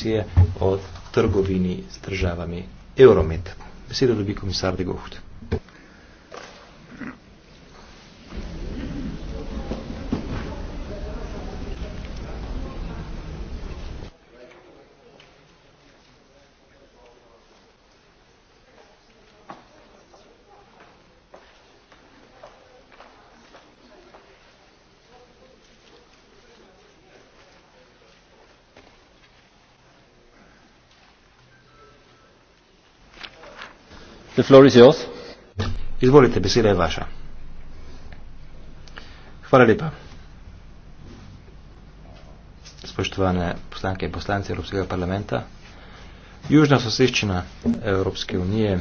komisije o trgovini s državami Euromed. Besedo dobi komisar Degoht. Izvolite, beseda je vaša. Hvala lepa. Spoštovane poslanke in poslanci Evropskega parlamenta, južna soseščina Evropske unije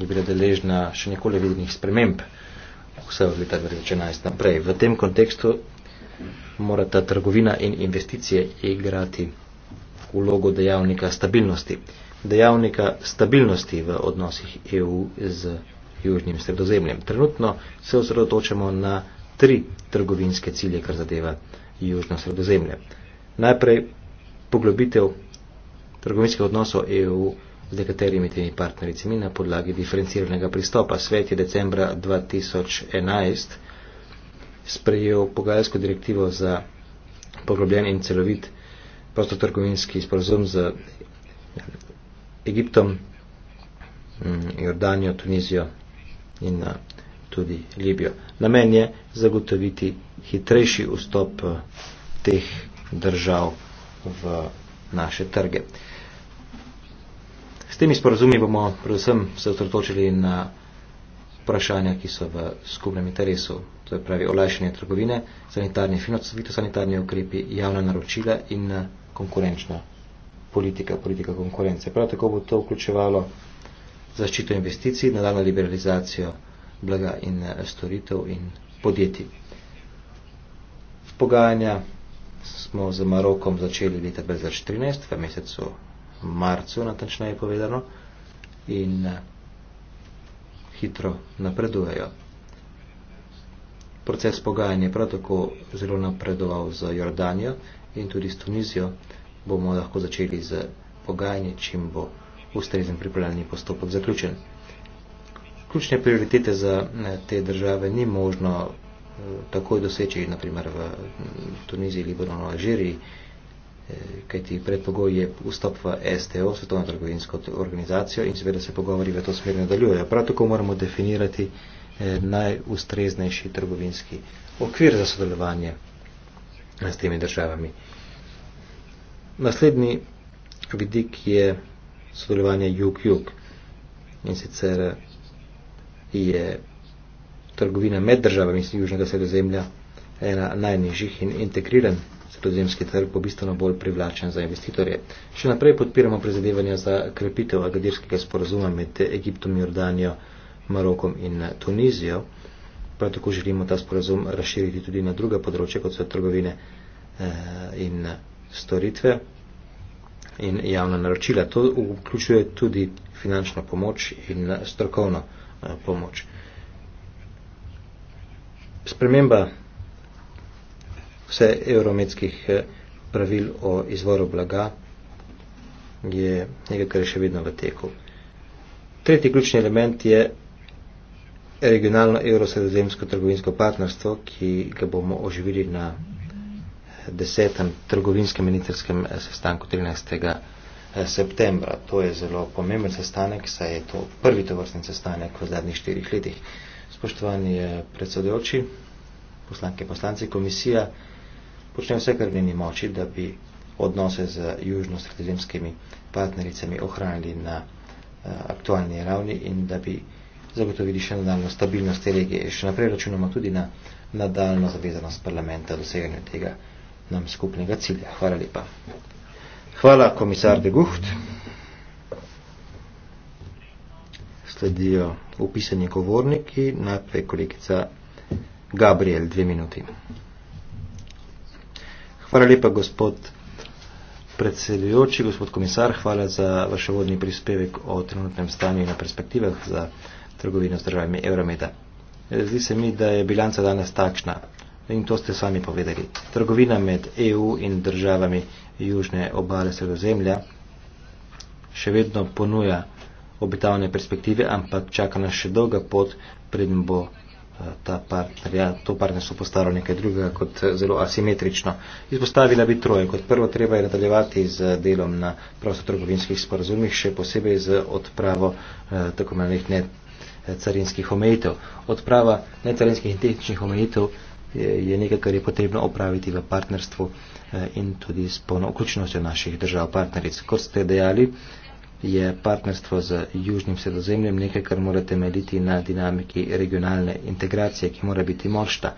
je bila deležna še nikoli vidnih sprememb, vse od leta 2011 naprej. V tem kontekstu mora ta trgovina in investicije igrati vlogo dejavnika stabilnosti dejavnika stabilnosti v odnosih EU z južnim sredozemljem. Trenutno se osredotočamo na tri trgovinske cilje, kar zadeva južno sredozemlje. Najprej poglobitev trgovinskih odnosov EU z nekaterimi temi partnericami na podlagi diferenciranega pristopa. Svet je decembra 2011 sprejel pogajalsko direktivo za poglobljen in celovit prostotrgovinski sporozum z Egiptom, mm, Jordanijo, Tunizijo in eh, tudi Libijo. Namen je zagotoviti hitrejši vstop eh, teh držav v naše trge. S temi sporozumi bomo predvsem se otrtočili na vprašanja, ki so v skupnem interesu, to je pravi olajšanje trgovine, sanitarni finocitosanitarni ukrepi, javna naročila in eh, konkurenčna politika, politika konkurence. Prav tako bo to vključevalo zaščito investicij, nadaljno liberalizacijo blaga in eh, storitev in podjetij. Pogajanja smo z Marokom začeli leta 2014, v mesecu marcu, natančneje povedano, in eh, hitro napredujejo. Proces pogajanja je prav tako zelo napredoval z Jordanijo in tudi s Tunizijo, bomo lahko začeli z pogajanje, čim bo ustrezen pripravljalni postopek zaključen. Ključne prioritete za eh, te države ni možno eh, takoj doseči, naprimer v mm, Tuniziji, Libanonu, Alžiriji, eh, kajti predpogoj je vstop v STO, Svetovno trgovinsko organizacijo in seveda se pogovori v to smer nadaljujejo. Prav tako moramo definirati najustreznejši trgovinski okvir za sodelovanje s temi državami. Naslednji vidik je sodelovanje jug-jug. In sicer je trgovina med državami in južnega sredozemlja ena najnižjih in integriran sredozemski trg bo bistveno bolj privlačen za investitorje. Še naprej podpiramo prizadevanja za krepitev agadirskega sporazuma med Egiptom, Jordanijo, Marokom in Tunizijo. Prav tako želimo ta sporazum razširiti tudi na druga področja, kot so trgovine eh, in storitve in javna naročila. To vključuje tudi finančno pomoč in eh, strokovno eh, pomoč. Sprememba vse evrometskih eh, pravil o izvoru blaga je nekaj, kar je še vedno v teku. Tretji ključni element je regionalno evrosredozemsko trgovinsko partnerstvo, ki ga bomo oživili na 10. trgovinskem ministerskem eh, sestanku 13. Eh, septembra. To je zelo pomemben sestanek, saj je to prvi tovrstni sestanek v zadnjih štirih letih. Spoštovani eh, predsedujoči, poslanke in poslanci, komisija počne vse, kar v njeni moči, da bi odnose z južno-sredozemskimi partnericami ohranili na aktualni ravni in da bi zagotovili še nadaljno stabilnost te regije. Še naprej računamo tudi na nadaljno zavezanost parlamenta doseganju tega nam skupnega cilja. Hvala lepa. Hvala, komisar de Guht. Sledijo upisani govorniki, najprej kolegica Gabriel, dve minuti. Hvala lepa, gospod predsedujoči, gospod komisar, hvala za vaš vodni prispevek o trenutnem stanju in na perspektivah za trgovino z državami Euromeda. Zdi se mi, da je bilanca danes takšna. In to ste sami povedali. Trgovina med EU in državami južne obale sredozemlja še vedno ponuja obetavne perspektive, ampak čaka nas še dolga pot, predem bo eh, ta partner, ja, to partnerstvo postalo nekaj drugega kot eh, zelo asimetrično. Izpostavila bi troje. Kot prvo treba je nadaljevati z delom na prostotrgovinskih sporazumih, še posebej z odpravo eh, tako imenovanih necarinskih eh, omejitev. Odprava necarinskih in tehničnih omejitev je nekaj, kar je potrebno opraviti v partnerstvu eh, in tudi s polno vključenostjo naših držav partneric. Kot ste dejali, je partnerstvo z južnim sredozemljem nekaj, kar mora temeljiti na dinamiki regionalne integracije, ki mora biti močna.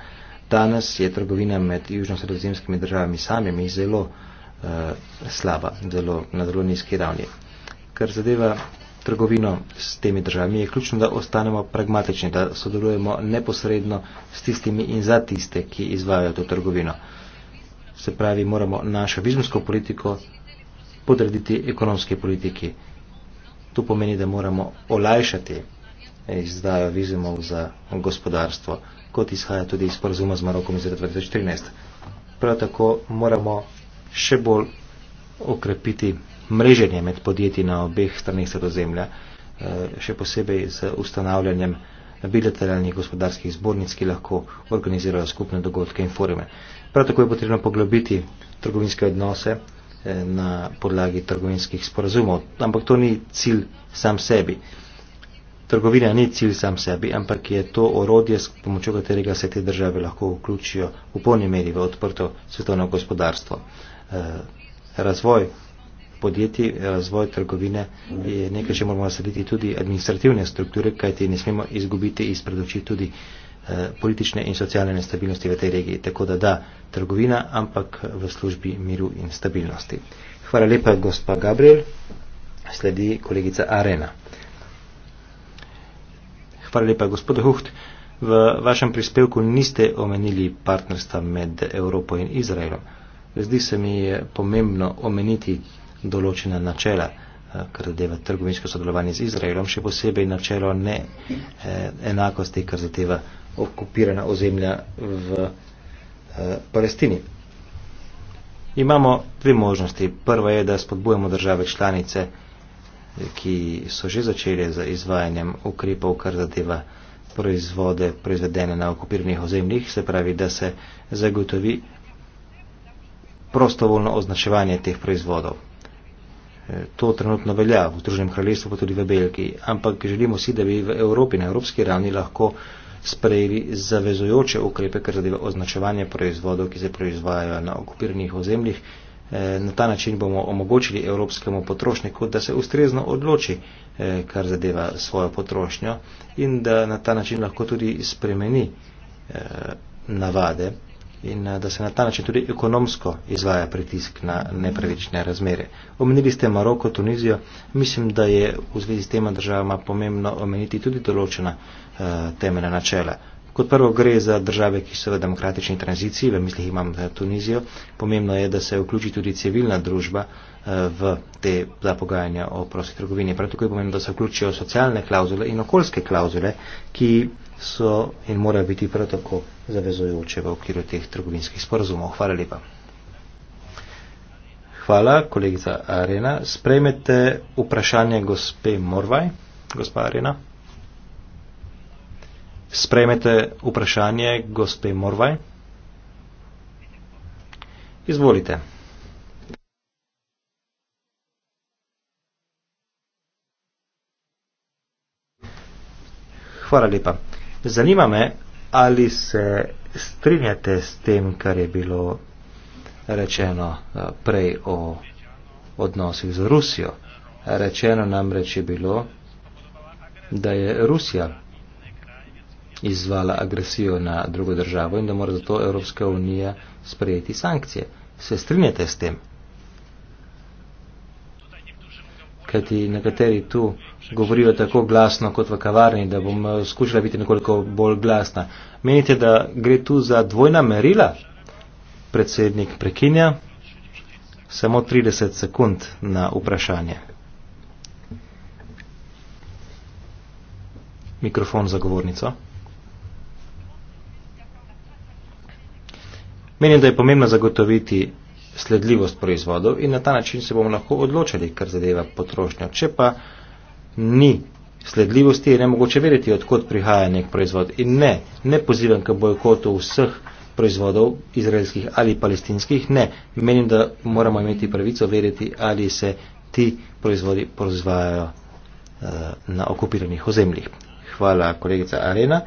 Danes je trgovina med južno sredozemskimi državami samimi zelo uh, slaba, zelo, na zelo nizki ravni. Kar zadeva trgovino s temi državami, je ključno, da ostanemo pragmatični, da sodelujemo neposredno s tistimi in za tiste, ki izvajajo to trgovino. Se pravi, moramo našo vizumsko politiko podrediti ekonomske politiki. To pomeni, da moramo olajšati izdajo vizumov za gospodarstvo, kot izhaja tudi iz porazuma z Marokom iz 2014. Prav tako moramo še bolj okrepiti mreženje med podjetji na obeh stranih sredozemlja, eh, še posebej z ustanavljanjem bilateralnih gospodarskih zbornic, ki lahko organizirajo skupne dogodke in forume. Prav tako je potrebno poglobiti trgovinske odnose eh, na podlagi trgovinskih sporazumov, ampak to ni cilj sam sebi. Trgovina ni cilj sam sebi, ampak je to orodje, s pomočjo katerega se te države lahko vključijo v polni meri v odprto svetovno gospodarstvo. Eh, razvoj podjetij, eh, razvoj trgovine je nekaj, če moramo slediti tudi administrativne strukture, kajti ne smemo izgubiti iz predoči tudi eh, politične in socialne nestabilnosti v tej regiji. Tako da da, trgovina, ampak v službi miru in stabilnosti. Hvala lepa, gospa Gabriel. Sledi kolegica Arena. Hvala lepa, gospod Huht. V vašem prispevku niste omenili partnerstva med Evropo in Izraelom. Zdi se mi je pomembno omeniti določena načela, eh, kar zadeva trgovinsko sodelovanje z Izraelom, še posebej načelo ne eh, enakosti, kar zadeva okupirana ozemlja v eh, Palestini. Imamo dve možnosti. Prva je, da spodbujemo države članice, ki so že začele z izvajanjem ukrepov, kar zadeva proizvode proizvedene na okupiranih ozemljih, se pravi, da se zagotovi prostovoljno označevanje teh proizvodov to trenutno velja v Združenem kraljestvu, pa tudi v Belgiji. Ampak želimo si, da bi v Evropi, na evropski ravni lahko sprejeli zavezujoče ukrepe, kar zadeva označevanje proizvodov, ki se proizvajajo na okupiranih ozemljih. Eh, na ta način bomo omogočili evropskemu potrošniku, da se ustrezno odloči, eh, kar zadeva svojo potrošnjo in da na ta način lahko tudi spremeni eh, navade in eh, da se na ta način tudi ekonomsko izvaja pritisk na nepravične razmere. Omenili ste Maroko, Tunizijo, mislim, da je v zvezi s tema državama pomembno omeniti tudi določena uh, temeljna načela. Kot prvo gre za države, ki so v demokratični tranziciji, v mislih imam eh, Tunizijo, pomembno je, da se vključi tudi civilna družba uh, v te zapogajanja o prosti trgovini. Prav tako je pomembno, da se vključijo socialne klauzule in okoljske klauzule, ki so in morajo biti prav tako zavezujoče v okviru teh trgovinskih sporazumov. Hvala lepa. Hvala, kolegica Arena. Sprejmete vprašanje gospe Morvaj, gospa Arena. Sprejmete vprašanje gospe Morvaj. Izvolite. Hvala lepa. Zanima me, ali se strinjate s tem, kar je bilo rečeno eh, prej o odnosih z Rusijo. Rečeno namreč je bilo, da je Rusija izvala agresijo na drugo državo in da mora zato Evropska unija sprejeti sankcije. Se strinjate s tem? kajti nekateri tu govorijo tako glasno kot v kavarni, da bom eh, skušala biti nekoliko bolj glasna. Menite, da gre tu za dvojna merila? Predsednik prekinja. Samo 30 sekund na vprašanje. Mikrofon za govornico. Menim, da je pomembno zagotoviti sledljivost proizvodov in na ta način se bomo lahko odločili, kar zadeva potrošnjo. Če pa ni sledljivosti, je ne mogoče vedeti, odkot prihaja nek proizvod. In ne, ne pozivam k bojkotu vseh proizvodov, izraelskih ali palestinskih, ne. Menim, da moramo imeti pravico vedeti, ali se ti proizvodi proizvajajo uh, na okupiranih ozemljih. Hvala, kolegica Arena.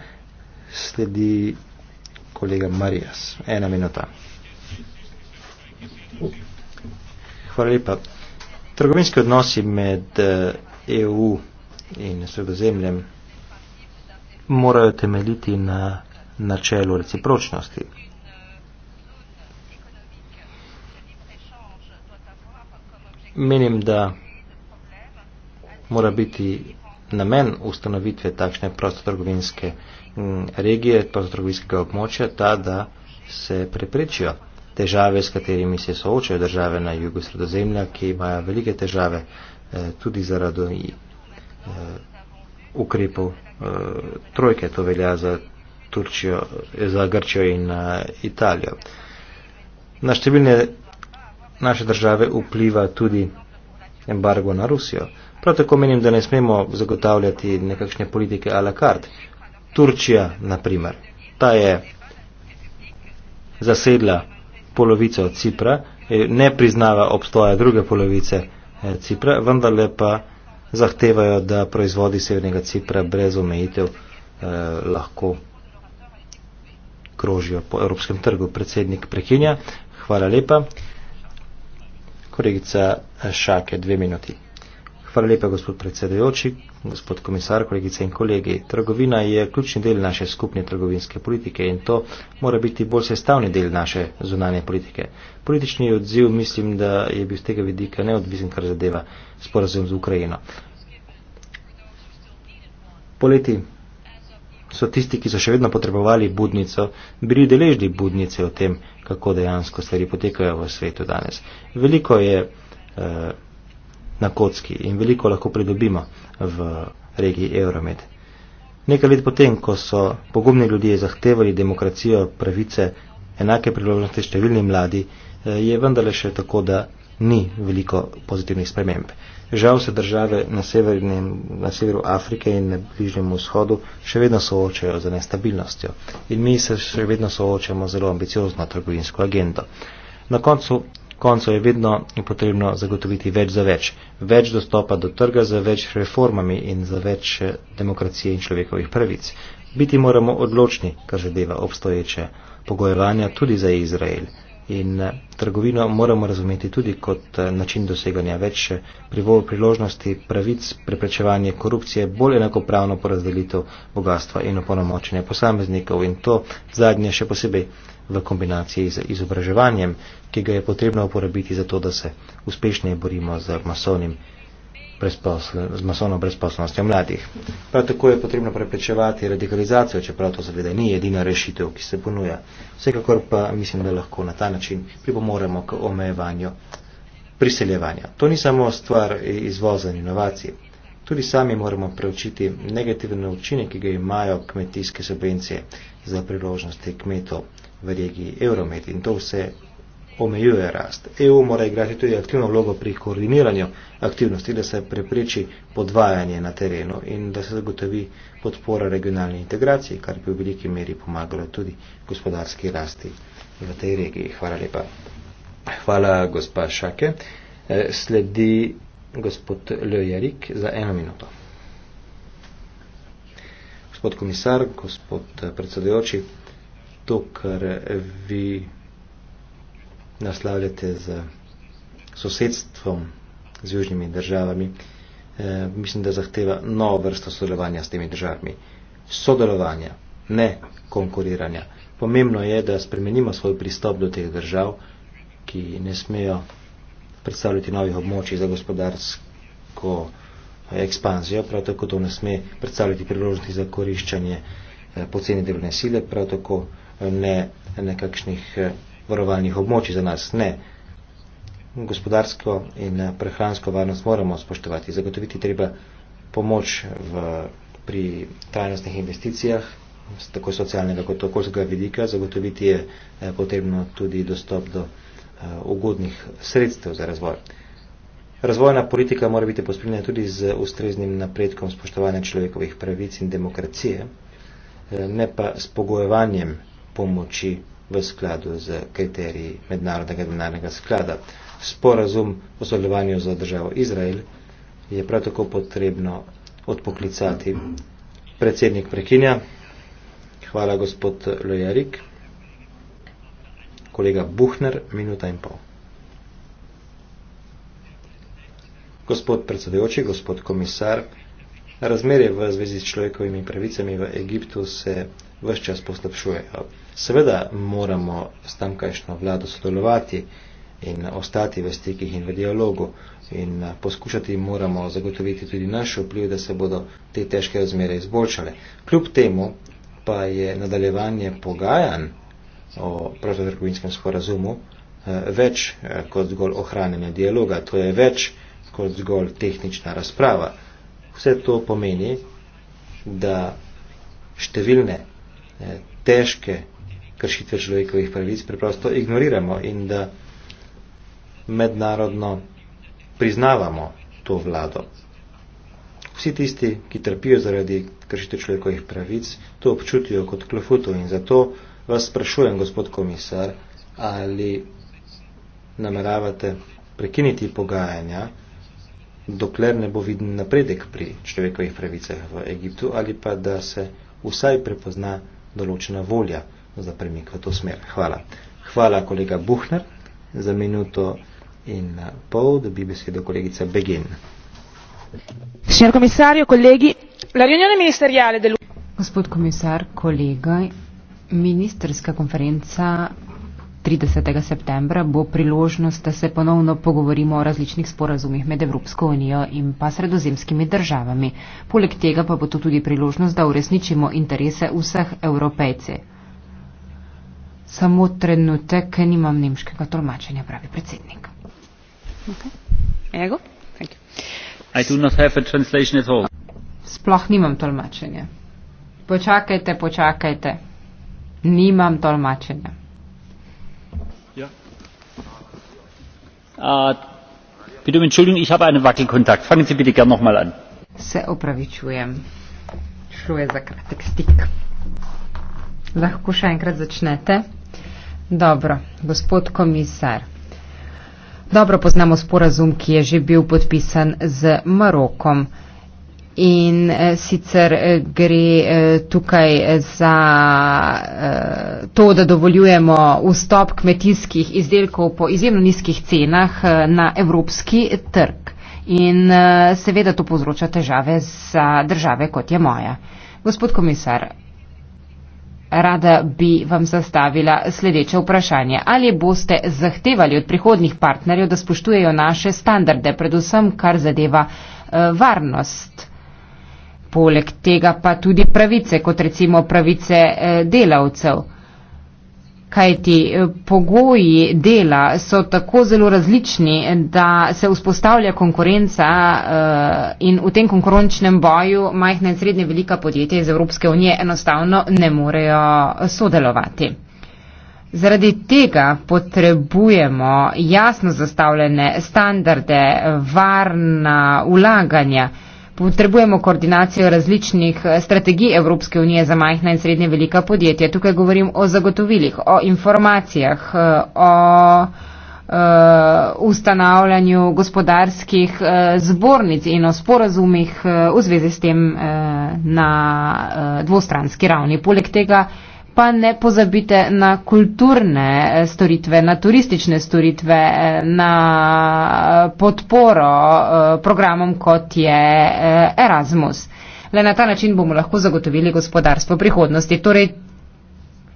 Sledi kolega Marijas. Ena minuta poslugi. Hvala lepa. Trgovinski odnosi med EU eh, e in sredozemljem morajo temeljiti na načelu recipročnosti. Menim, da mora biti namen ustanovitve takšne prostotrgovinske mm, regije, prostotrgovinskega območja, ta, da se preprečijo težave, s katerimi se soočajo države na jugu sredozemlja, ki imajo velike težave eh, tudi zaradi eh, ukrepov eh, trojke. To velja za, Turčijo, za Grčijo in Italijo. Na številne naše države vpliva tudi embargo na Rusijo. Prav tako menim, da ne smemo zagotavljati nekakšne politike a la carte. Turčija, na primer, ta je zasedla polovico Cipra, eh, ne priznava obstoja druge polovice eh, Cipra, vendar pa zahtevajo, da proizvodi Severnega Cipra brez omejitev eh, lahko krožijo po evropskem trgu. Predsednik prekinja. Hvala lepa. Kolegica Šake, dve minuti. Hvala lepa, gospod predsedujoči, gospod komisar, kolegice in kolegi. Trgovina je ključni del naše skupne trgovinske politike in to mora biti bolj sestavni del naše zunanje politike. Politični odziv mislim, da je bil z tega vidika neodvisen, kar zadeva sporazum z Ukrajino. Poleti so tisti, ki so še vedno potrebovali budnico, bili deležni budnice o tem, kako dejansko stvari potekajo v svetu danes. Veliko je. Eh, na kocki in veliko lahko pridobimo v regiji Euromed. Nekaj let potem, ko so pogumni ljudje zahtevali demokracijo, pravice, enake priložnosti številni mladi, eh, je vendarle še tako, da ni veliko pozitivnih sprememb. Žal se države na, severnem, na severu Afrike in na bližnjem vzhodu še vedno soočajo z nestabilnostjo in mi se še vedno soočamo z zelo ambiciozno trgovinsko agendo. Na koncu koncu je vedno potrebno zagotoviti več za več, več dostopa do trga za več reformami in za več eh, demokracije in človekovih pravic. Biti moramo odločni, kar zadeva obstoječe pogojevanja tudi za Izrael. In eh, trgovino moramo razumeti tudi kot eh, način doseganja več eh, priložnosti, pravic, preprečevanje korupcije, bolj enakopravno porazdelitev bogatstva in opolnomočenje posameznikov in to zadnje še posebej v kombinaciji z izobraževanjem, ki ga je potrebno uporabiti za to, da se uspešneje borimo z masovnim z masovno brezposobnostjo mladih. Prav tako je potrebno preprečevati radikalizacijo, čeprav to seveda ni edina rešitev, ki se ponuja. Vsekakor pa mislim, da lahko na ta način pripomoremo k omejevanju priseljevanja. To ni samo stvar izvoza in inovacij. Tudi sami moramo preučiti negativne učine, ki ga imajo kmetijske subvencije za priložnosti kmetov v regiji Euromed in to vse omejuje rast. EU mora igrati tudi aktivno vlogo pri koordiniranju aktivnosti, da se prepreči podvajanje na terenu in da se zagotovi podpora regionalni integraciji, kar bi v veliki meri pomagalo tudi gospodarski rasti v tej regiji. Hvala lepa. Hvala, gospa Šake. E, sledi gospod Ljojerik za eno minuto. Gospod komisar, gospod predsedujoči, to, kar vi naslavljate z sosedstvom z južnimi državami, eh, mislim, da zahteva novo vrsto sodelovanja s temi državami. Sodelovanja, ne konkuriranja. Pomembno je, da spremenimo svoj pristop do teh držav, ki ne smejo predstavljati novih območij za gospodarsko ekspanzijo, prav tako to ne sme predstavljati priložnosti za koriščanje eh, poceni delovne sile, prav tako eh, ne nekakšnih varovalnih območij za nas. Ne. Gospodarsko in prehransko varnost moramo spoštovati. Zagotoviti treba pomoč v, pri trajnostnih investicijah, tako socialnega kot okoljskega vidika. Zagotoviti je eh, potrebno tudi dostop do eh, ugodnih sredstev za razvoj. Razvojna politika mora biti pospremljena tudi z ustreznim napredkom spoštovanja človekovih pravic in demokracije, eh, ne pa s pogojevanjem pomoči v skladu z kriteriji mednarodnega denarnega sklada. Sporazum o sodelovanju za državo Izrael je prav tako potrebno odpoklicati. Predsednik prekinja. Hvala, gospod Lojarik. Kolega Buhner, minuta in pol. Gospod predsedujoči, gospod komisar, Razmerje v zvezi s človekovimi pravicami v Egiptu se vse čas poslabšujejo. Seveda moramo s tamkajšnjo vlado sodelovati in ostati v stikih in v dialogu in poskušati moramo zagotoviti tudi naš vpliv, da se bodo te težke razmere izboljšale. Kljub temu pa je nadaljevanje pogajanj o protitrgovinskem sporazumu eh, več eh, kot zgolj ohranjanje dialoga, to je več kot zgolj tehnična razprava. Vse to pomeni, da številne eh, težke kršitve človekovih pravic preprosto ignoriramo in da mednarodno priznavamo to vlado. Vsi tisti, ki trpijo zaradi kršitev človekovih pravic, to občutijo kot klofuto in zato vas sprašujem, gospod komisar, ali nameravate prekiniti pogajanja dokler ne bo viden napredek pri človekovih pravicah v Egiptu ali pa da se vsaj prepozna določena volja za premik v to smer. Hvala. Hvala kolega Buhner za minuto in eh, pol, da bi besedo kolegica Begin. Signor komisario, colleghi, la riunione ministeriale dell'Unione. Gospod komisar, kolega, ministerska konferenca 30. septembra bo priložnost, da se ponovno pogovorimo o različnih sporazumih med Evropsko unijo in pa sredozemskimi državami. Poleg tega pa bo to tudi priložnost, da uresničimo interese vseh evropejce. Samo trenutek, nimam nemškega tolmačenja, pravi predsednik. Okay. Sploh nimam tolmačenja. Počakajte, počakajte. Nimam tolmačenja. Äh, bitte um Entschuldigung, ich habe einen Wackelkontakt. Fangen Sie bitte gern nochmal an. Se opravičujem. Šlo je za kratek stik. Lahko še enkrat začnete. Dobro, gospod komisar. Dobro poznamo sporazum, ki je že bil podpisan z Marokom. In eh, sicer eh, gre eh, tukaj eh, za eh, to, da dovoljujemo vstop kmetijskih izdelkov po izjemno nizkih cenah eh, na evropski trg. In eh, seveda to povzroča težave za države, kot je moja. Gospod komisar, rada bi vam zastavila sledeče vprašanje. Ali boste zahtevali od prihodnih partnerjev, da spoštujejo naše standarde, predvsem kar zadeva eh, varnost? poleg tega pa tudi pravice, kot recimo pravice eh, delavcev. Kaj ti eh, pogoji dela so tako zelo različni, eh, da se vzpostavlja konkurenca in v tem konkurenčnem boju majhna in srednje velika podjetja iz Evropske unije enostavno ne morejo sodelovati. Zaradi tega potrebujemo jasno zastavljene standarde, varna ulaganja potrebujemo koordinacijo različnih eh, strategij Evropske unije za majhna in srednje velika podjetja. Tukaj govorim o zagotovilih, o informacijah, eh, o eh, ustanavljanju gospodarskih zbornic in o sporazumih v zvezi s tem na dvostranski ravni. Poleg tega pa ne pozabite na kulturne eh, storitve, na turistične storitve, eh, na eh, podporo programom, kot je Erasmus. Le na ta način bomo lahko zagotovili gospodarstvo prihodnosti. Torej,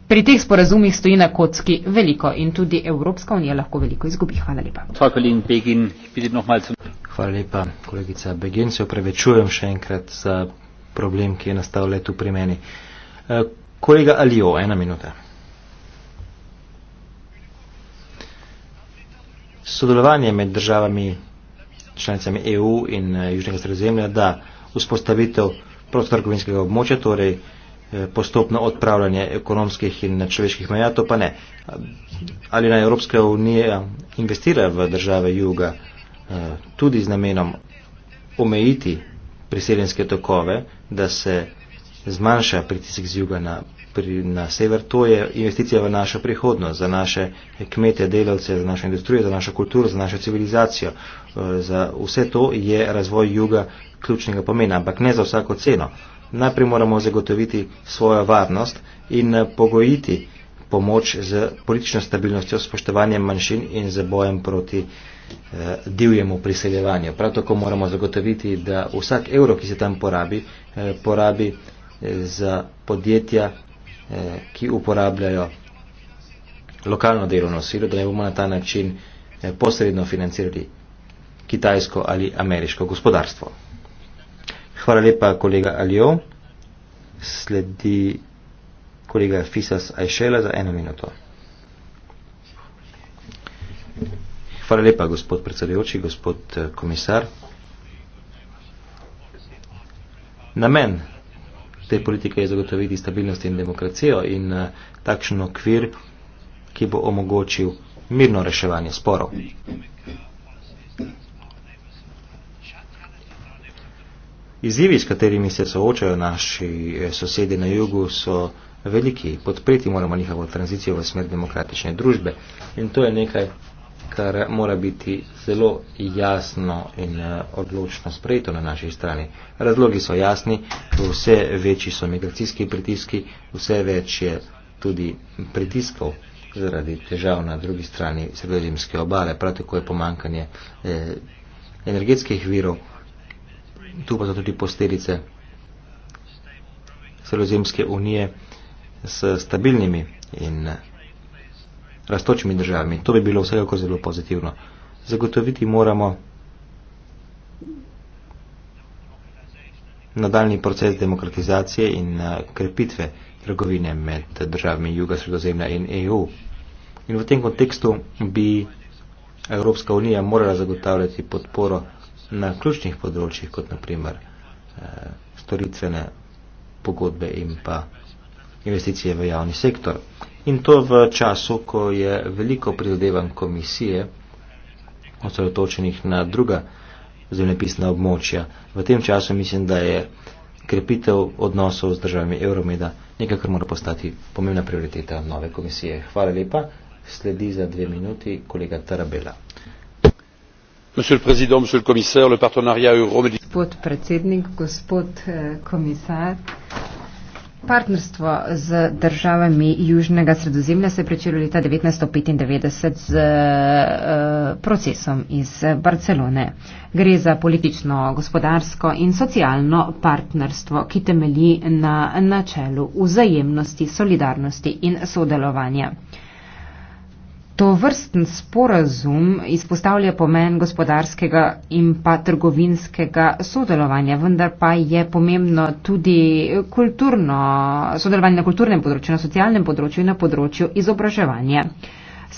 pri teh sporazumih stoji na kocki veliko in tudi Evropska unija lahko veliko izgubi. Hvala lepa. Hvala lepa, kolegica Begin. Se opravičujem še enkrat za problem, ki je nastal letu pri meni. Kolega Alijo, ena minuta. Sodelovanje med državami članicami EU in eh, Južnega sredozemlja, da vzpostavitev prostotrgovinskega območja, torej eh, postopno odpravljanje ekonomskih in človeških meja, to pa ne. Ali naj Evropska unija investira v države juga eh, tudi z namenom omejiti priseljenske tokove, da se zmanjša pritisk z juga na pri, na sever, to je investicija v našo prihodnost, za naše kmete, delavce, za našo industrijo, za našo kulturo, za našo civilizacijo. Eh, za vse to je razvoj juga ključnega pomena, ampak ne za vsako ceno. Najprej moramo zagotoviti svojo varnost in eh, pogojiti pomoč z politično stabilnostjo, spoštovanjem manjšin in z bojem proti eh, divjemu priseljevanju. Prav tako moramo zagotoviti, da vsak evro, ki se tam porabi, porabi za podjetja, Eh, ki uporabljajo lokalno delovno silo, da ne bomo na ta način eh, posredno financirali kitajsko ali ameriško gospodarstvo. Hvala lepa, kolega Aljo. Sledi kolega Fisas Ajšela za eno minuto. Hvala lepa, gospod predsedujoči, gospod eh, komisar. Namen te politike je zagotoviti stabilnost in demokracijo in eh, takšen okvir, ki bo omogočil mirno reševanje sporov. Izzivi, s katerimi se soočajo naši eh, sosedi na jugu, so veliki. Podpreti moramo njihovo tranzicijo v smer demokratične družbe. In to je nekaj, kar mora biti zelo jasno in eh, odločno sprejeto na naši strani. Razlogi so jasni, vse večji so migracijski pritiski, vse več je tudi pritiskov zaradi težav na drugi strani sredozemske obale, prav tako je pomankanje eh, energetskih virov, tu pa so tudi posledice sredozemske unije s stabilnimi in eh, rastočimi državami. To bi bilo vsekako zelo pozitivno. Zagotoviti moramo nadaljni proces demokratizacije in eh, krepitve trgovine med državami Juga, Sredozemlja in EU. In v tem kontekstu bi Evropska unija morala zagotavljati podporo na ključnih področjih, kot naprimer eh, storitvene pogodbe in pa investicije v javni sektor in to v času, ko je veliko prizadevanj komisije osredotočenih na druga zemljepisna območja. V tem času mislim, da je krepitev odnosov z državami Euromeda nekaj, kar mora postati pomembna prioriteta nove komisije. Hvala lepa. Sledi za dve minuti kolega Tarabela. Gospod predsednik, gospod eh, komisar. Partnerstvo z državami Južnega sredozemlja se je pričelo leta 1995 z uh, procesom iz Barcelone. Gre za politično, gospodarsko in socialno partnerstvo, ki temelji na načelu vzajemnosti, solidarnosti in sodelovanja. To vrsten sporazum izpostavlja pomen gospodarskega in pa trgovinskega sodelovanja, vendar pa je pomembno tudi kulturno, sodelovanje na kulturnem področju, na socialnem področju in na področju izobraževanja.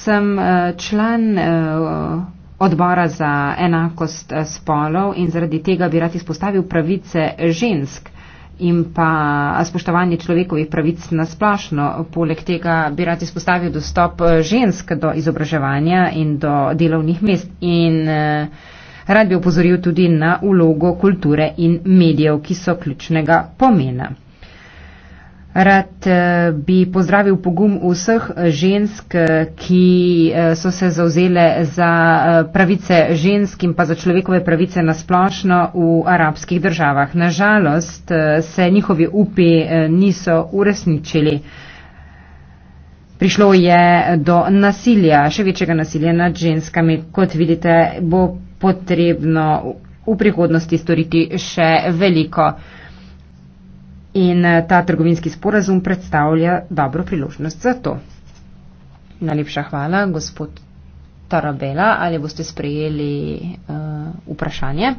Sem eh, član eh, odbora za enakost eh, spolov in zaradi tega bi rad izpostavil pravice žensk in pa spoštovanje človekovih pravic na splošno. Poleg tega bi rad izpostavil dostop eh, žensk do izobraževanja in do delovnih mest. In eh, rad bi opozoril tudi na ulogo kulture in medijev, ki so ključnega pomena. Rad eh, bi pozdravil pogum vseh žensk, eh, ki eh, so se zauzele za pravice žensk in pa za človekove pravice nasplošno v arabskih državah. Nažalost se njihovi upi niso uresničili. Prišlo je do nasilja, še večjega nasilja nad ženskami. Kot vidite, bo potrebno v prihodnosti storiti še veliko. In eh, ta trgovinski sporazum predstavlja dobro priložnost za to. Najlepša hvala, gospod Tarabela. Ali boste sprejeli uh, vprašanje?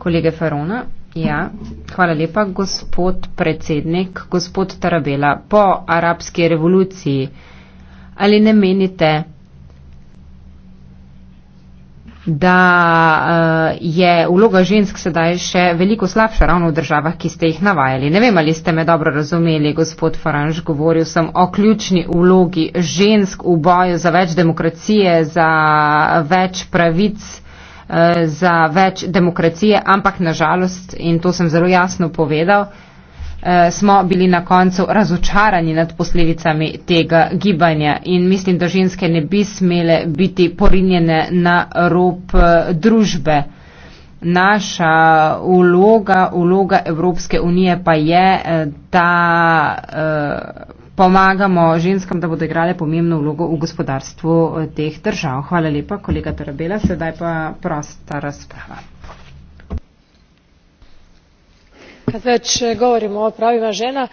Kolege Farona. Ja, hvala lepa, gospod predsednik, gospod Tarabela. Po arabski revoluciji, ali ne menite, da eh, je vloga žensk sedaj še veliko slabša ravno v državah, ki ste jih navajali. Ne vem, ali ste me dobro razumeli, gospod Faranž, govoril sem o ključni vlogi žensk v boju za več demokracije, za več pravic eh, za več demokracije, ampak nažalost, in to sem zelo jasno povedal, Eh, smo bili na koncu razočarani nad posledicami tega gibanja in mislim, da ženske ne bi smele biti porinjene na rob eh, družbe. Naša uloga, uloga Evropske unije pa je, eh, da pomagamo ženskam, da bodo igrale pomembno vlogo v gospodarstvu teh držav. Hvala lepa, kolega Tarabela, sedaj pa prosta razprava. kad već govorimo o pravima žena.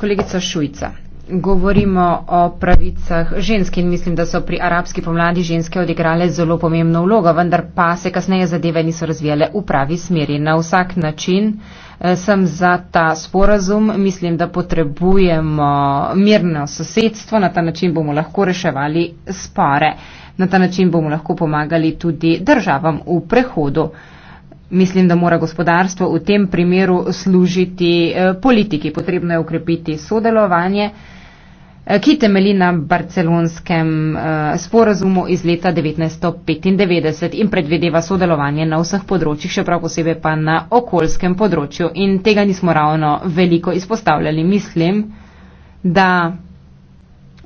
Kolegica Šujca, govorimo o pravicah žensk in mislim, da so pri arabski pomladi ženske odigrale zelo pomembno vlogo, vendar pa se kasneje zadeve niso razvijale v pravi smeri. Na vsak način eh, sem za ta sporazum, mislim, da potrebujemo mirno sosedstvo, na ta način bomo lahko reševali spore, na ta način bomo lahko pomagali tudi državam v prehodu. Mislim, da mora gospodarstvo v tem primeru služiti eh, politiki. Potrebno je ukrepiti sodelovanje, eh, ki temeli na barcelonskem eh, sporazumu iz leta 1995 in predvideva sodelovanje na vseh področjih, še prav posebej pa na okoljskem področju. In tega nismo ravno veliko izpostavljali. Mislim, da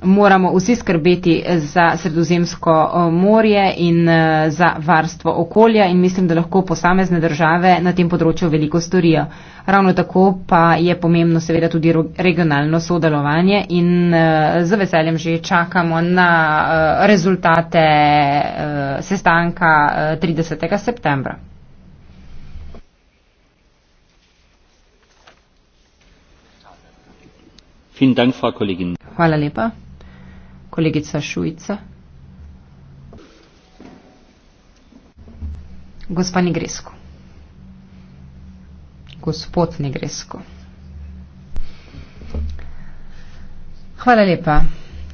moramo vsi skrbeti za sredozemsko eh, morje in eh, za varstvo okolja in mislim, da lahko posamezne države na tem področju veliko storijo. Ravno tako pa je pomembno seveda tudi regionalno sodelovanje in eh, z veseljem že čakamo na rezultate sestanka 30. septembra. Hvala lepa kolegica Šujica. Gospa Negresko. Gospod Negresko. Hvala lepa,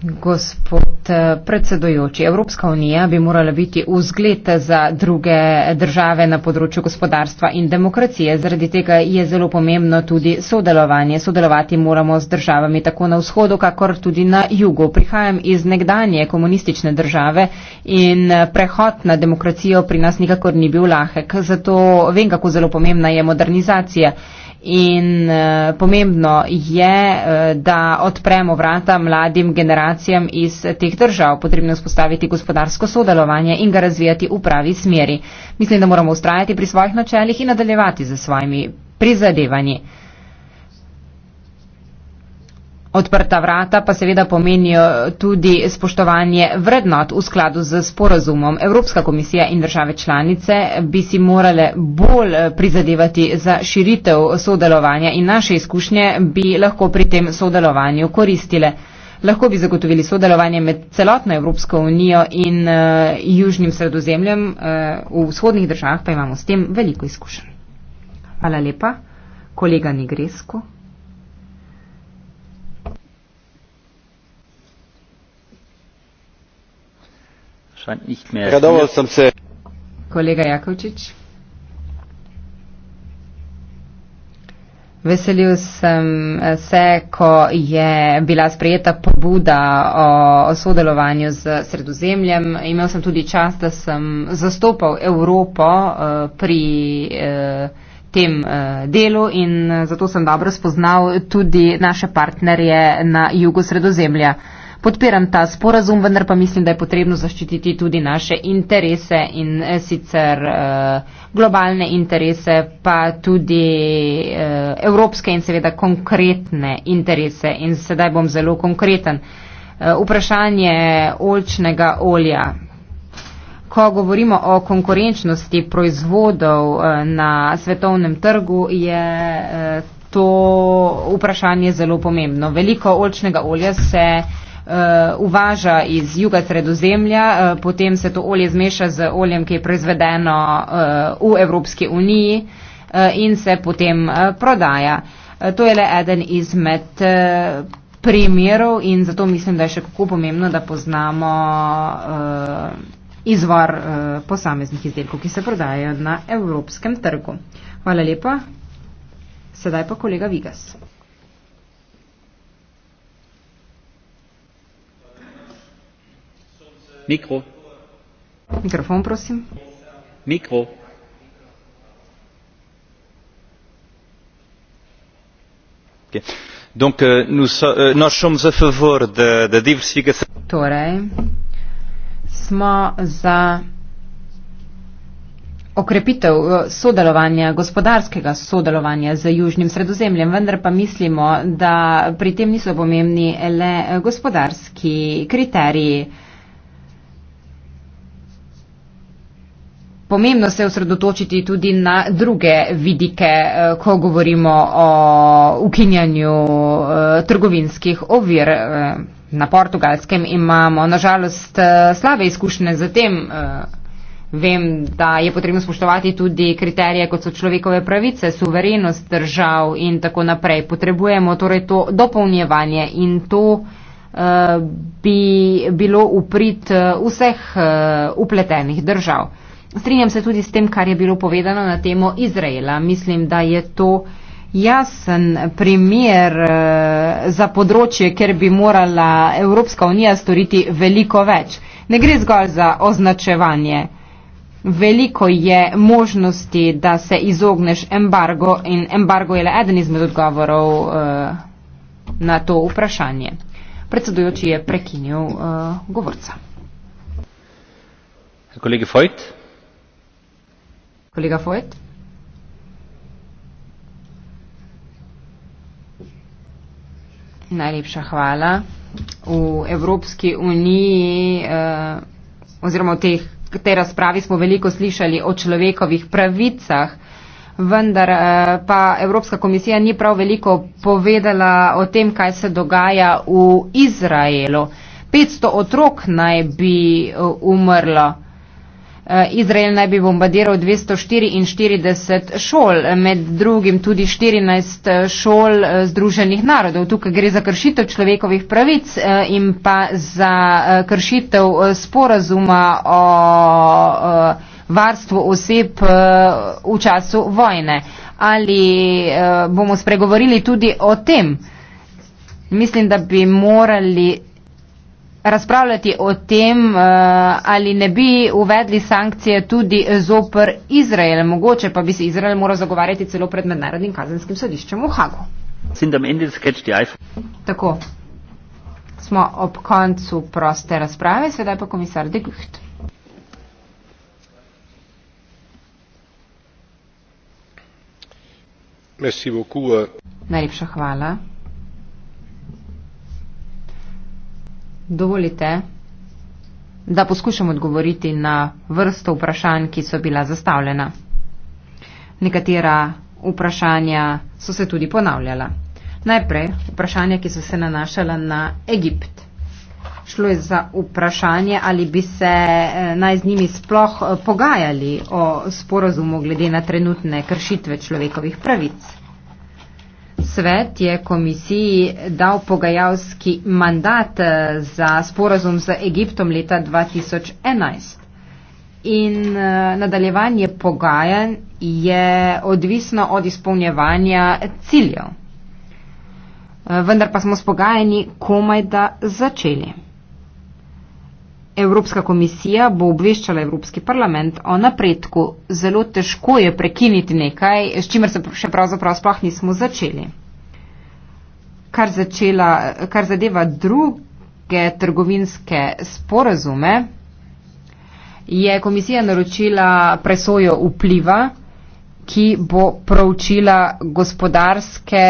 gospod. Eh, predsedujoči. Evropska unija bi morala biti vzgled za druge države na področju gospodarstva in demokracije. Zaradi tega je zelo pomembno tudi sodelovanje. Sodelovati moramo z državami tako na vzhodu, kakor tudi na jugu. Prihajam iz nekdanje komunistične države in eh, prehod na demokracijo pri nas nikakor ni bil lahek. Zato vem, kako zelo pomembna je modernizacija. In uh, pomembno je, uh, da odpremo vrata mladim generacijam iz teh držav. Potrebno je vzpostaviti gospodarsko sodelovanje in ga razvijati v pravi smeri. Mislim, da moramo ustrajati pri svojih načelih in nadaljevati z svojimi prizadevanji. Odprta vrata pa seveda pomenijo tudi spoštovanje vrednot v skladu z sporazumom. Evropska komisija in države članice bi si morale bolj eh, prizadevati za širitev sodelovanja in naše izkušnje bi lahko pri tem sodelovanju koristile. Lahko bi zagotovili sodelovanje med celotno Evropsko unijo in uh, južnim sredozemljem. Uh, v vzhodnih državah pa imamo s tem veliko izkušenj. Hvala lepa, kolega Nigresko. zwar nicht mehr. Kollege Jakovic. Veselil sem eh, se, ko je bila sprejeta pobuda o sodelovanju z sredozemljem. Imel sem tudi čas, da sem zastopal Evropo eh, pri eh, tem delu in zato sem dobro spoznal tudi naše partnerje na jugu sredozemlja podpiram ta sporazum, vendar pa mislim, da je potrebno zaščititi tudi naše interese in eh, sicer uh, globalne interese, pa tudi uh, evropske in seveda konkretne interese. In sedaj bom zelo konkreten. Uh, vprašanje olčnega olja. Ko govorimo o konkurenčnosti proizvodov uh, na svetovnem trgu, je. Uh, To vprašanje je zelo pomembno. Veliko olčnega olja se uh, Eh, uvaža iz juga sredozemlja, eh, potem se to olje zmeša z oljem, ki je proizvedeno eh, v Evropski uniji in se potem prodaja. To je le eden izmed primerov in zato mislim, da je še kako pomembno, da poznamo izvor posameznih izdelkov, ki se prodajajo na evropskem trgu. Hvala lepa. Sedaj pa kolega Vigas. Mikro. Mikrofon, prosim. Mikro. Okay. Donc, uh, so, uh, torej, smo za okrepitev uh, sodelovanja, gospodarskega sodelovanja z Južnim sredozemljem, vendar pa mislimo, da pri tem niso pomembni le gospodarski kriteriji. Uh, pomembno se osredotočiti tudi na druge vidike, eh, ko govorimo o ukinjanju eh, trgovinskih ovir. Eh, na portugalskem imamo nažalost slabe izkušnje z tem. Vem, da je potrebno spoštovati tudi kriterije, kot so človekove pravice, suverenost držav in tako naprej. Potrebujemo torej to dopolnjevanje in to bi bilo uprit vseh upletenih držav. Strinjam se tudi s tem, kar je bilo povedano na temo Izraela. Mislim, da je to jasen primer eh, za področje, kjer bi morala Evropska unija storiti veliko več. Ne gre zgolj za označevanje. Veliko je možnosti, da se izogneš embargo in embargo je le eden izmed odgovorov uh, na to vprašanje. Predsedujoči je prekinil uh, govorca. Kolegi Fojt. Kolega Fojt. Najlepša hvala. V Evropski uniji eh, oziroma v teh, tej razpravi smo veliko slišali o človekovih pravicah, vendar eh, pa Evropska komisija ni prav veliko povedala o tem, kaj se dogaja v Izraelu. 500 otrok naj bi eh, umrlo. Eh, Izrael naj bi bombardiral 244 šol, med drugim tudi 14 eh, šol eh, Združenih narodov. Tukaj gre za kršitev človekovih pravic in pa za kršitev sporazuma o varstvu oseb v času vojne. Ali bomo spregovorili tudi o tem? Mislim, da bi morali razpravljati o tem, eh, ali ne bi uvedli sankcije tudi zoper Izrael. Mogoče pa bi se Izrael moral zagovarjati celo pred mednarodnim kazenskim sodiščem v Hagu. Tako. Smo ob koncu proste razprave, sedaj pa komisar De Gucht. Euh. Najlepša hvala. dovolite, da poskušam odgovoriti na vrsto vprašanj, ki so bila zastavljena. Nekatera vprašanja so se tudi ponavljala. Najprej vprašanja, ki so se nanašala na Egipt. Šlo je za vprašanje, ali bi se eh, naj z njimi sploh eh, pogajali o sporozumu glede na trenutne kršitve človekovih pravic svet je komisiji dal pogajalski mandat eh, za sporazum z Egiptom leta 2011. In eh, nadaljevanje pogajanj je odvisno od izpolnjevanja ciljev. Eh, vendar pa smo s pogajanji komaj da začeli. Evropska komisija bo obveščala Evropski parlament o napredku. Zelo težko je prekiniti nekaj, s čimer se še pravzaprav sploh nismo začeli. Kar, začela, kar zadeva druge trgovinske sporazume, je komisija naročila presojo vpliva, ki bo proučila gospodarske,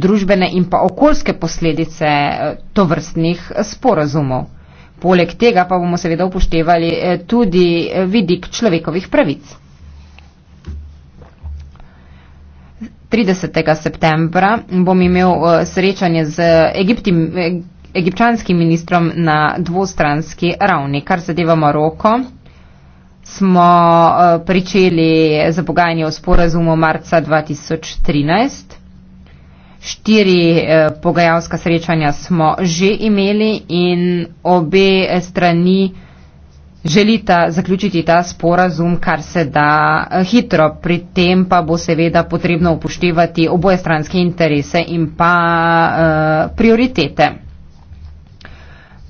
družbene in pa okoljske posledice eh, tovrstnih sporazumov. Poleg tega pa bomo seveda upoštevali eh, tudi eh, vidik človekovih pravic. 30. septembra bom imel eh, srečanje z Egiptim, egipčanskim ministrom na dvostranski ravni, kar zadeva Maroko. Smo pričeli z pogajanjem o sporazumu marca 2013. Štiri eh, pogajalska srečanja smo že imeli in obe strani želita zaključiti ta sporazum, kar se da eh, hitro. Pri tem pa bo seveda potrebno upoštevati oboje stranske interese in pa eh, prioritete.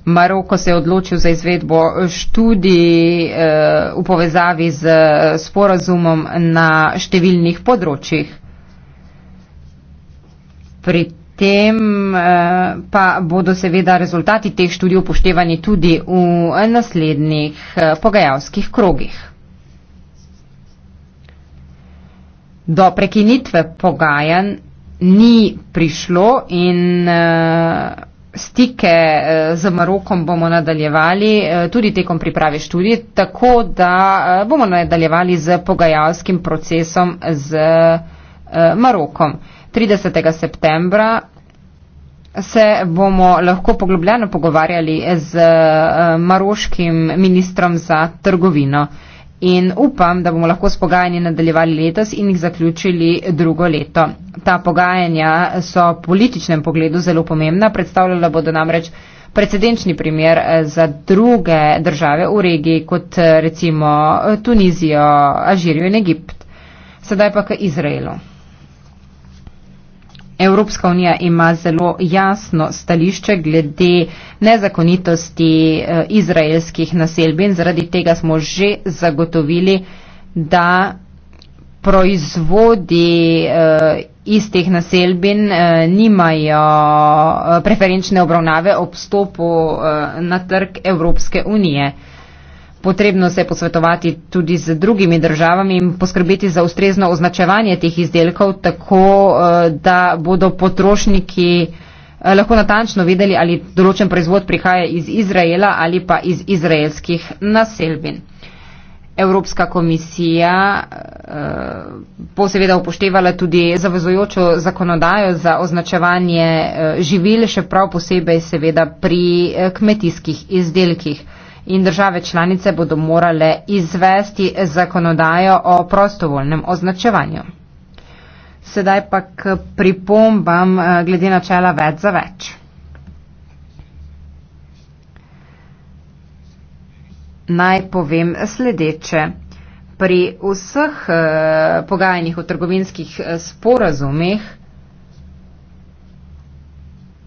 Maroko se je odločil za izvedbo študij eh, v povezavi z eh, sporazumom na številnih področjih. Pri tem eh, pa bodo seveda rezultati teh študij upoštevani tudi v naslednjih eh, pogajalskih krogih. Do prekinitve pogajanj ni prišlo in eh, stike z Marokom bomo nadaljevali tudi tekom priprave študij, tako da bomo nadaljevali z pogajalskim procesom z Marokom. 30. septembra se bomo lahko poglobljeno pogovarjali z eh, maroškim ministrom za trgovino in upam, da bomo lahko s pogajanji nadaljevali letos in jih zaključili drugo leto. Ta pogajanja so v političnem pogledu zelo pomembna, predstavljala bodo namreč precedenčni primer eh, za druge države v regiji, kot eh, recimo Tunizijo, Alžirijo in Egipt. Sedaj pa k Izraelu. Evropska unija ima zelo jasno stališče glede nezakonitosti eh, izraelskih naselbin. Zaradi tega smo že zagotovili, da proizvodi istih eh, naselbin eh, nimajo preferenčne obravnave ob stopu na trg Evropske unije. Potrebno se je posvetovati tudi z drugimi državami in poskrbeti za ustrezno označevanje teh izdelkov, tako eh, da bodo potrošniki eh, lahko natančno videli, ali določen proizvod prihaja iz Izraela ali pa iz izraelskih naselbin. Evropska komisija eh, bo seveda upoštevala tudi zavezojočo zakonodajo za označevanje živil, še prav posebej seveda pri kmetijskih izdelkih in države članice bodo morale izvesti zakonodajo o prostovoljnem označevanju. Sedaj pa k pripombam eh, glede načela več za več. Naj povem sledeče. Pri vseh eh, pogajanjih o trgovinskih eh, sporazumih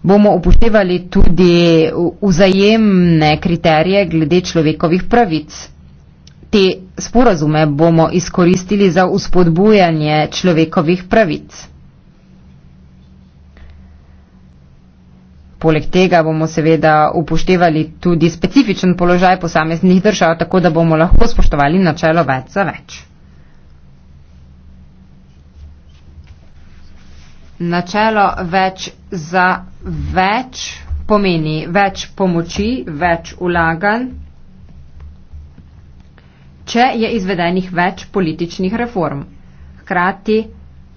bomo upoštevali tudi vzajemne kriterije glede človekovih pravic. Te sporazume bomo izkoristili za uspodbujanje človekovih pravic. Poleg tega bomo seveda upoštevali tudi specifičen položaj posameznih držav, tako da bomo lahko spoštovali načelo več za več. Načelo več za več pomeni več pomoči, več ulaganj, če je izvedenih več političnih reform. Hkrati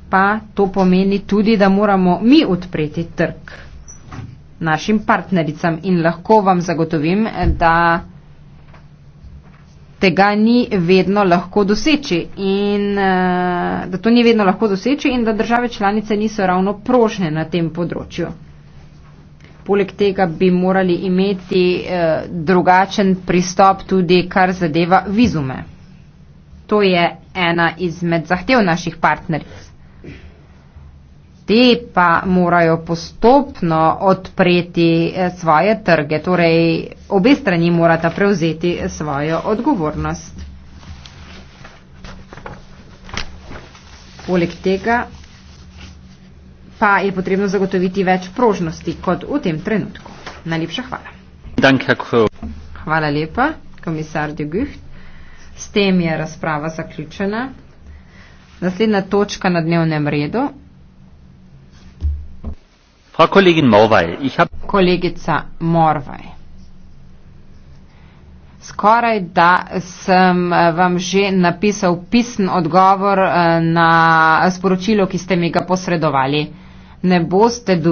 pa to pomeni tudi, da moramo mi odpreti trg našim partnericam in lahko vam zagotovim, da tega ni vedno lahko doseči in eh, da to ni vedno lahko doseči in da države članice niso ravno prožne na tem področju. Poleg tega bi morali imeti eh, drugačen pristop tudi, kar zadeva vizume. To je ena izmed zahtev naših partneric te pa morajo postopno odpreti eh, svoje trge. Torej, obe strani morata prevzeti eh, svojo odgovornost. Poleg tega pa je potrebno zagotoviti več prožnosti kot v tem trenutku. Najlepša hvala. Hvala lepa, komisar de Gucht. S tem je razprava zaključena. Naslednja točka na dnevnem redu. Frau Kollegin Morvay, ich habe. Kollegica Morvay. Skoraj da sem eh, vam že napisal pisen odgovor eh, na sporočilo, ki ste mi ga posredovali. Ne boste dobili.